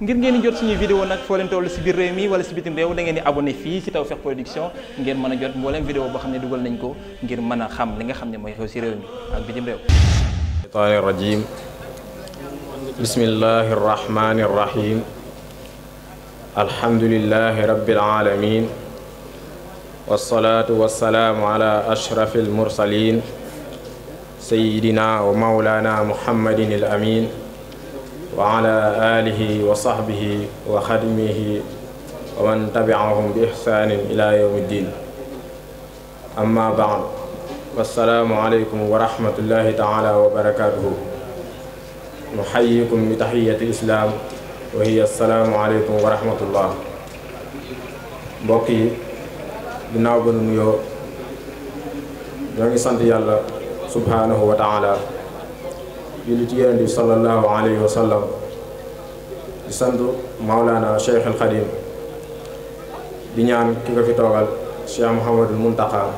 ngir ngeen di jot suñuy vidéo nag foo leen si biir réew mi wala si bitim réew da ngeen di abonné fii si Tawfekh Production ngeen mën a jot mbooleem vidéo boo xam ne dugal nañ ko ngir mën a xam li nga xam ne mooy xew si réew mi ak bitim réew shaytaani rajim bismillahi arrahmani arrahim alhamdulilahi rabbil alamin wasalaatu wasalaamu ala ashrafil mursalin sayyidina wa mawlana muhammadin al amin wa ala alihi wa sahbihi wa xadimihi wa man tabiahum bi ihsanin ila yawmi ddin amma baad wassalaamu aleykum wa rahmatullahi taala wa barakatuhu nuxayikum bi taxiyati lislaam wa hiya assalaamu aleykum wa rahmatullah mbokk yi ginnaaw ba nu nuyoo ñoo ngi sant yàlla subhaanahu wa taala julli ci yonent bi sallallahu alayhi wa sallam di sant Maulana Cheikh al Khadim ñaan ki nga fi toogal Cheikh Mouhamadul Mountakha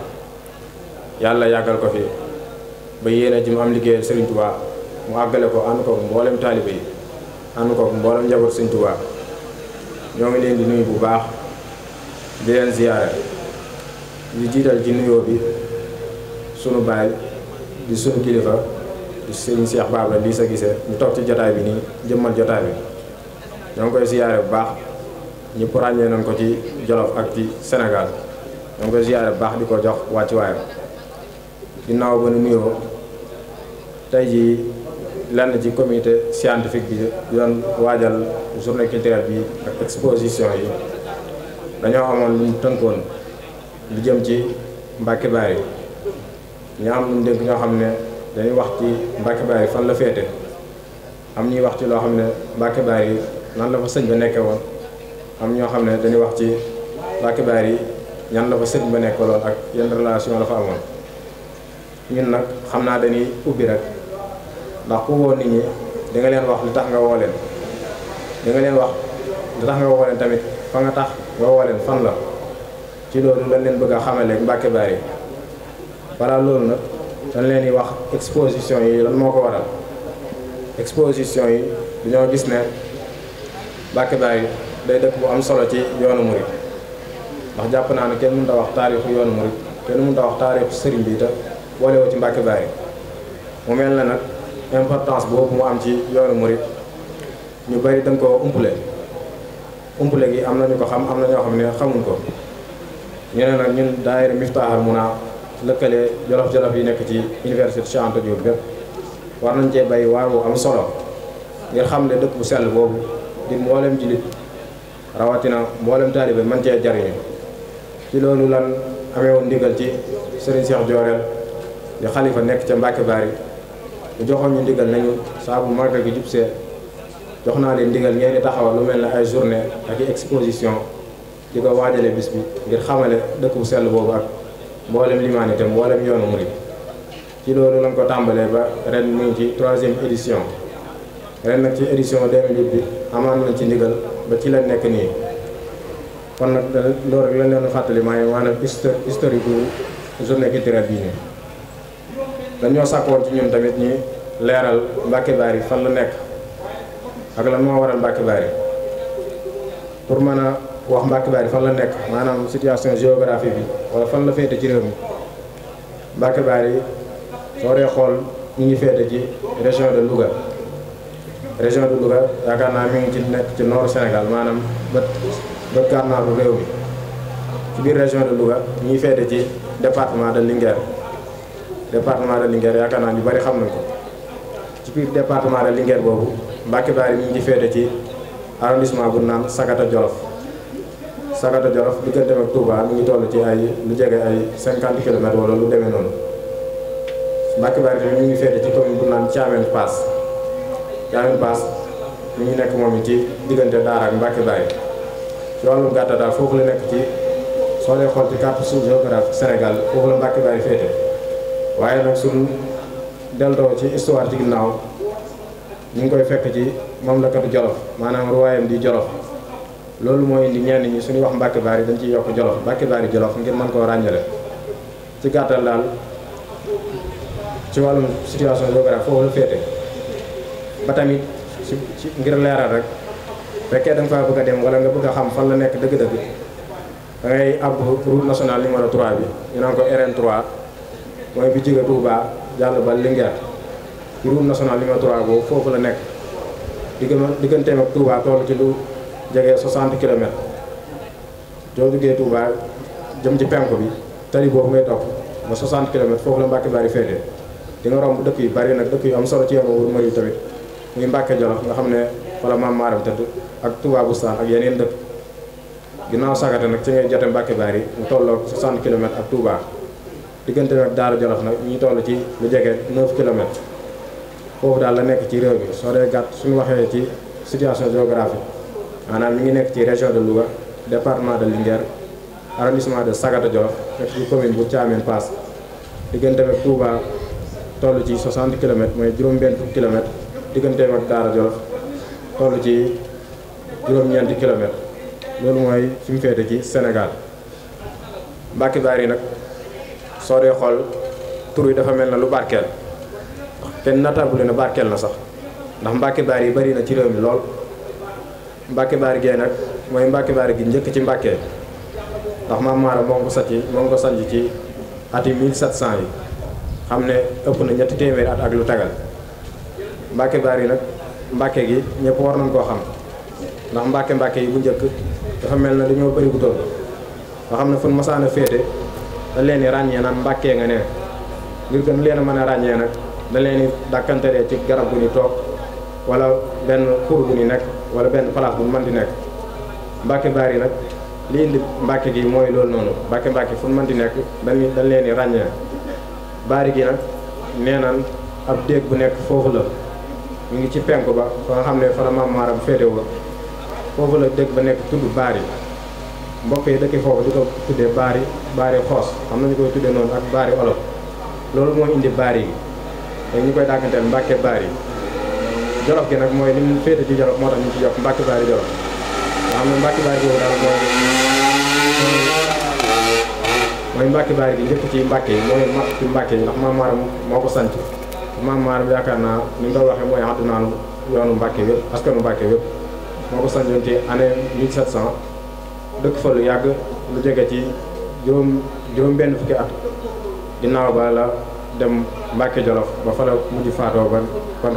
yàlla yàggal ko fi ba yéene ji mu am liggéeyal Serigne Touba mu àggale ko ànd ko mboolem taalibe yi ànd ko mboolem njaboot Serigne Touba ñoo ngi leen di nuyu bu baax di leen ziyaare di jiital ci nuyoo bi sunu baay di sunu kilifa. si sëriñ Cheikh Baba lii sa gisee ñu toog ci jotaay bi nii jëmmal jotaay bi ñoo koy siyaare bu baax ñëpp ràññee nañ ko ci Jolof ak ci senegal ñoo ngi koy siyaare bu baax di ko jox wàccuwaayam ginnaaw ba nu nuyoo tey jii lenn ci comité scientifique bi doon waajal journée culturelle bi ak exposition yi dañoo xamoon lu tënkoon lu jëm ci Mbàkke Baari ñu am lu ñu ñoo xam ne dañuy wax ci Mbacke Baye fan la féete am ñuy wax ci loo xam ne Mbacke Baye yi nan la fa sëñ ba nekkee woon am ñoo xam ne dañuy wax ci Mbacke Baye yi ñan la fa sëñ ba nekke lool ak yenn relation la fa amoon ñun nag xam naa dañuy ubbi rek ndax ku woo nit ñi di leen wax li tax nga woo leen di leen wax li tax tamit fa nga tax nga woo leen fan la ci loolu lañ leen bëgg a xamale Mbacke Baye yi balaa loolu nag dañ leen di wax exposition yi lan moo ko waral exposition yi dañoo gis ne Mbàkke yi day dëkk bu am solo ci yoonu murit ndax jàpp naa ne kenn mënut wax taarixu yoonu murit kenn mënut a wax taarixu sëriñ bi te boolewoo ci Mbàkke Bari mu mel na nag importance boobu mu am ci yoonu murit ñu bari dañ ko umpule umpule gi am na ñu ko xam am na ñoo xam ne xamuñ ko ñu ne nag ñun daayira Miftahul Muna lëkkale jolof-jolof yi nekk ci université Cheikh Anta Diop war nañ cee bay waar wu am solo ngir xam ne dëkk bu sell boobu di mboolem jullit rawatina mboolem taalibe man cee jariñu ci loolu lan amee woon ndigal ci Serigne Cheikh Jooreel di xalifa nekk ca Mbàkke Baari bu joxoon ñu ndigal nañu saa bu màggal gi jubsee jox naa leen ndigal ngeen di taxawal lu mel ne ay journée ak i exposition di ko waajale bis bi ngir xamale dëkk bu sell boobu ak mboolem limaane te mboolem yoonu murid ci loolu lañ ko tàmbalee ba ren mu ngi ci troisième édition ren nag ci édition 2008 bi amaan nañ ci ndigal ba ci leen nekk nii kon nag loolu rek lañ leen fàttali maay maanaam historique bu journée culturelle bii nii dañoo woon ci ñun tamit ñi leeral Mbàkke Baari fan la nekk ak lan moo waral Mbàkke Baari pour mën wax Mbacke Bary fan la nekk maanaam situation géographique bi wala fan la féete ci réew mi Mbacke Bary soo dee xool ñu ngi féete ci région de Louga région de Louga yaakaar naa mi ngi ci nekk ci nord Sénégal maanaam bët bët gànnaaru réew mi ci biir région de Louga ñu ngi féete ci département de Linguère département de Linguère yaakaar naa ñu bari xam nañ ko ci biir département de Linguère boobu Mbacke Bary ñu ngi ci féete ci arrondissement bu naan Sagata Jolof Sagata Jolof digganteem ak Touba mi ngi tollu ci ay lu jege ay cinquante kilomètres wala lu demee noonu Mbacke Bari tamit mi ngi féete ci commune bu naan Thiamène Pass Thiamène Pass mi ngi nekk moom ci diggante Daara ak Mbacke Bari ci wàllum gàtta daal foofu la nekk ci soo dee xool ci su géographique Sénégal foofu la Mbacke Bari féete waaye nag suñu deltoo ci histoire ci ginnaaw ñu ngi koy fekk ci moom la mamlakatu Jolof maanaam ruwaayam di Jolof. loolu mooy li ñenn ñi suñu wax Mbàkke Baari dañ ciy yokk Jolof Mbàkke Baari Jolof ngir mën koo ràññale ci gàttal daal ci wàllum situation géographique foofu la féete ba tamit ci ci ngir leeral rek fekkee da nga faa bëgg a dem wala nga bëgg a xam fan la nekk dëgg-dëgg da ngay ab route nationale numéro 3 bi ñu naan ko RN 3 mooy bi jóge Touba jàll ba Linguère ci route nationale numéro 3 boobu foofu la nekk diggante digganteem ak Touba toll ci lu. jege 60 kilomètres joo duggee Touba jëm ci penku bi tali boobu ngay topp ba 60 kilomètres foofu la Mbàkke Bari féetee di nga romb dëkk yu bari nag dëkk yu am solo ci yoonu wër Mali tamit muy Mbàkke Jolof nga xam ne wala maam maaram tëdd ak Touba Boustan ak yeneen dëkk ginnaaw sagate nag ci ngay jote Mbàkke Bari mu tolloog 60 kilomètres ak Touba diggante nag Daara Jolof nag ñu toll ci lu jege 9 kilomètres foofu daal la nekk ci réew bi soo dee gàtt suñu waxee ci situation géographique maanaam mi ngi nekk ci région de Louga département de Linguère arrondissement de Sagata Djolof nekk ci commune bu Thiamène Pass diggante ak Touba ci 60 kilomètres mooy juróom-benn fukki kilomètres digganteem ak Daara ci juróom-ñeenti kilomètres loolu mooy fi mu féete ci Sénégal Mbacke Bary nag soo dee xool tour yi dafa mel na lu barkeel kenn natable na barkeel na sax ndax Mbacke baar yi bari na ci réew mi lool. mbàkke baari gee nag mooy mbàkke baari gi njëkk ci mbàkke ndax maam Maara moo ngi ko sàcc moo ngi ko sànc ci yi xam ne ëpp na ñetti téeméeri at ak lu tagal mbàkke baari nag mbàkke gi ñëpp war nañ koo xam ndax mbàkke mbàkke yi bu njëkk dafa mel na dañoo bëri bu toll nga xam ne fu masaan a féete da leen di ràññee naan mbàkkee nga ne ngir gën leen a mën a ràññee nag da leen di dàkkanteree ci garab gu ñu toog wala benn xur bu ñu nekk wala benn place bu man di nekk Mbàkke Baari nag li indi Mbàkke gi mooy loolu noonu Mbàkke Mbàkke fu man di nekk dañuy dañ leen di ràññee baari gi nag nee naan ab déeg bu nekk foofu la mu ngi ci penku ba fa nga xam ne fa la maam maaram féete woo foofu la déeg ba nekk tudd baari mbokk yi dëkk foofu di ko tuddee baari baari xoos xam nañu koy tuddee noonu ak baari olof loolu moo indi baari gi ñu koy dàkkanteel Mbàkke Baari jolof gi nag mooy li mu féete ci jolof moo tax ñu ci yokk mbàkki baari jolof nga xam ne mbàkki baari boobu ci mbàkke mooy mag ci mbàkke yi ndax maam maaram moo ko sanc maam maaram yaakaar naa ni mu doon waxee mooy addu naan yoonu mbàkke wépp askanu mbàkke wépp moo ko sancoon ci année 1700 fa lu yàgg lu jege ci juróom juróom benn fukki at ginnaaw ba la dem Mbàkke Jolof ba fa la mujj faatoo ban fa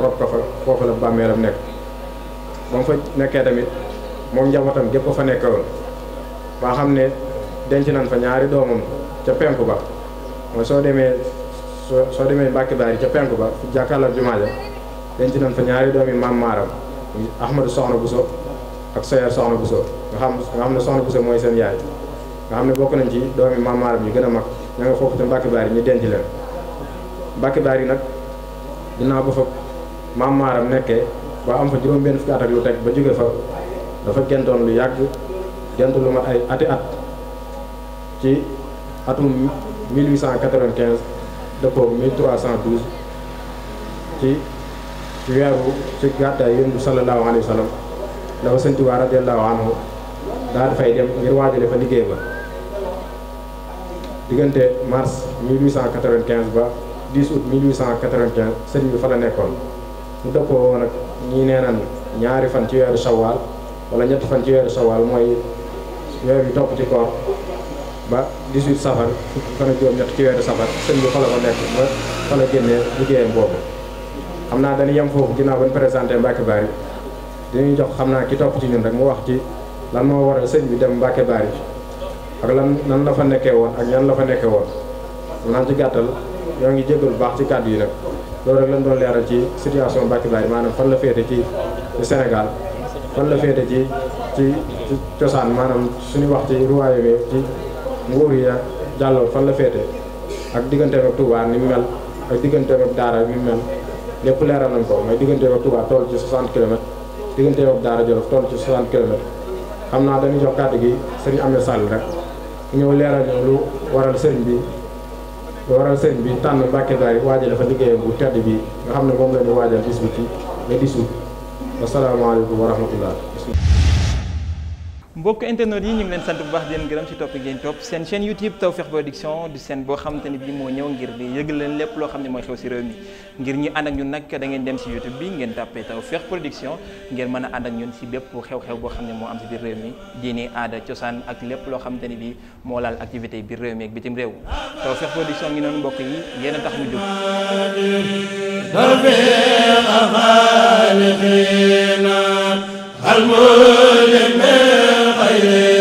foofu la bàmmeelam nekk ba mu fa nekkee tamit moom njabootam gépp fa nekkoon ba xam ne denc nan fa ñaari doomam ca penku ba mooy soo demee soo soo demee Mbàkke Baari ca penku ba fu jàkkaarloo jumaa ja denc nañ fa ñaari doomi maam maaram Ahmadu Soxna Buso ak Soyer Soxna Buso nga xam nga xam ne Soxna Buso mooy seen yaay nga xam ne bokk nañ ci doomi maam maaram yi gën a mag ña nga foofu ca Mbàkke Baari ñu denc leen Mbàkke Baar yi nag ginnaaw ba fa maam maaram nekkee ba am fa juróom-benn fukki at lu teg ba jóge fa dafa gentoon lu yàgg gent lu mat ay ati at ci atum 1895 ci ci weeru ci gàddaay yonent bi sallallahu alayhi wa dafa sëñ Tuubaa daa dafay dem ngir waajale fa liggéey ba diggante mars 1895 ba 10 août 1895 sëriñ bi fa la nekkoon mu dëppoo woon ak ñii nee nañ ñaari fan ci weeru sawaal wala ñetti fan ci weeru sawaal mooy weer yu topp ci koor ba 18 safar fukki fan ak ñett ci weeru safar sëriñ bi fa nekk ba fa la génnee liggéeyam boobu xam naa dañu yem foofu ginnaaw ba ñu présenté Mbacke Bary dinañu jox xam naa ki topp ci ñun rek mu wax ci lan moo waral sëñ bi dem Mbacke Bary ak lan nan la fa nekkee woon ak ñan la fa nekkee woon maanaam ci gàttal ñoo ngi jégalu bu baax ci kàddu yi nag loolu rek lañ doon leeral ci situation Mbacke Baye maanaam fan la féete ci Sénégal fan la féete ci ci ci cosaan maanaam suñu wax ci royaume ci nguur yi ak jàlloon fan la féete ak digganteem ak ni mu mel ak digganteem ak Daara ni mu mel lépp leeral nañ ko mooy digganteem ak Touba toll ci 60 kilomètres digganteem ak Daara Jolof toll ci 60 kilomètres xam naa dañuy jox kàddu gi sëriñ amee Sall rek ñëw leeral ñu lu waral sëriñ bi. waral sëñ bi tànn Mbàkke Bari waajale fa liggéeyam bu tedd bi nga xam ne moom la ñu waajal bis bi ci le 10 août wasalaamaaleykum wa mbokk internet yi ñu ngi leen sant bu baax di leen gërëm ci topp ngeen topp seen chaîne YouTube Tawfekh Production di seen boo xamante ni bi moo ñëw ngir di leen lépp loo xam ne mooy xew ci réew mi ngir ñu ànd ak ñun nag da ngeen dem si YouTube bi ngeen tàppee Tawfekh Production ngeen mën a ànd ak ñun ci bépp xew-xew boo xam ne moo am ci biir réew mi diini aada cosaan loo xamante ni bi moo laal activité biir réew mi ak bitim réew Tawfekh Production ngi noonu mbokk yi yéen a لا